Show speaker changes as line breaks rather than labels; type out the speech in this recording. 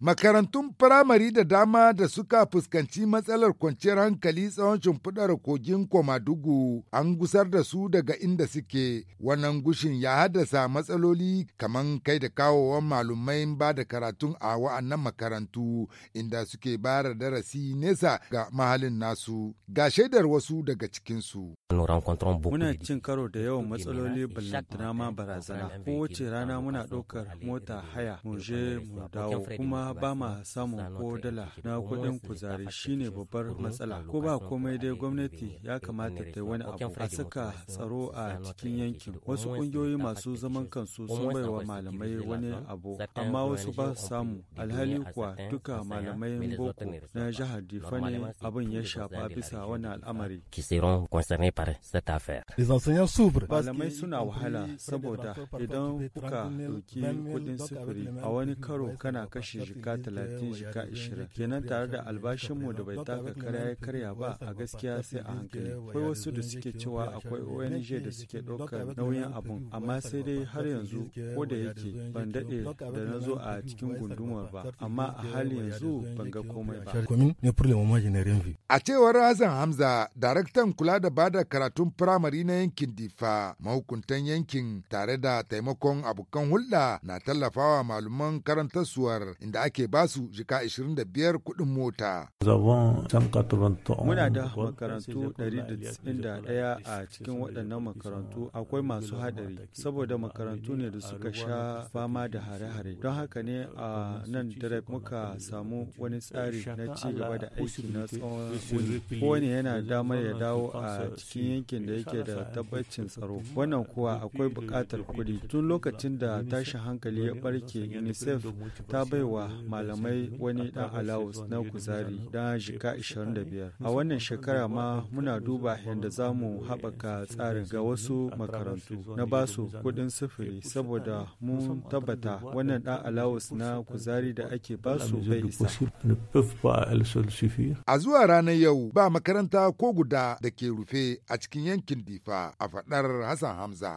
Makarantun firamare da dama da suka fuskanci matsalar kwanciyar hankali tsawon shimfiɗar kogin Komadugu an gusar da su daga inda suke wannan gushin ya haddasa matsaloli kamar kai da kawowan malumai ba da karatun a wa'annan makarantu inda suke bara darasi nesa ga mahalin nasu ga
shaidar wasu daga
cikinsu.
Muna cin karo da yawan matsaloli ballantana ma barazana. Kowace rana muna ɗaukar mota haya mu je mu dawo kuma a ba ma samun ko dala na kuɗin kuzari shine babbar matsala ko ba komai dai gwamnati ya kamata ta wani abu a saka tsaro a cikin yankin wasu kungiyoyi masu zaman kansu sun baiwa malamai wani abu amma wasu ba samu alhali kuwa duka malamai boko na jihar difa ne abin ya shafa bisa wani al'amari malamai suna wahala saboda idan kuka ɗauki kuɗin sufuri a wani karo kana kashe jika talatin jika ishirin kenan tare da albashinmu da bai taka karya ya karya ba a gaskiya sai a hankali akwai wasu da suke cewa akwai ong da suke ɗaukar nauyin abun amma sai dai har yanzu ko da yake ban daɗe da na zo a cikin gundumar ba amma a hali yanzu ban ga komai ba
a cewar Hassan Hamza daraktan kula da bada karatun firamare na yankin Difa mahukuntan yankin tare da taimakon abokan hulɗa na tallafawa malaman karantarsuwar inda ake
basu jika 25 kuɗin mota. Muna da makarantu 191 a cikin waɗannan makarantu akwai masu haɗari saboda makarantu ne da suka sha fama da hare-hare. Don haka ne a nan dare muka samu wani tsari na ci gaba da aiki na tsawon kowane yana damar ya dawo a cikin yankin da yake da tabbacin tsaro. Wannan kuwa akwai buƙatar kuɗi. Tun lokacin da tashin hankali ya barke UNICEF ta baiwa malamai wani dan alawus na kuzari da jika 25 a wannan shekara ma muna duba yadda za mu haɓaka tsarin ga wasu makarantu na basu kuɗin sufuri saboda mun tabbata wannan dan alawus na kuzari da ake basu bai isa
a zuwa ranar yau ba makaranta ko guda da ke rufe a cikin yankin difa a faɗar hassan hamza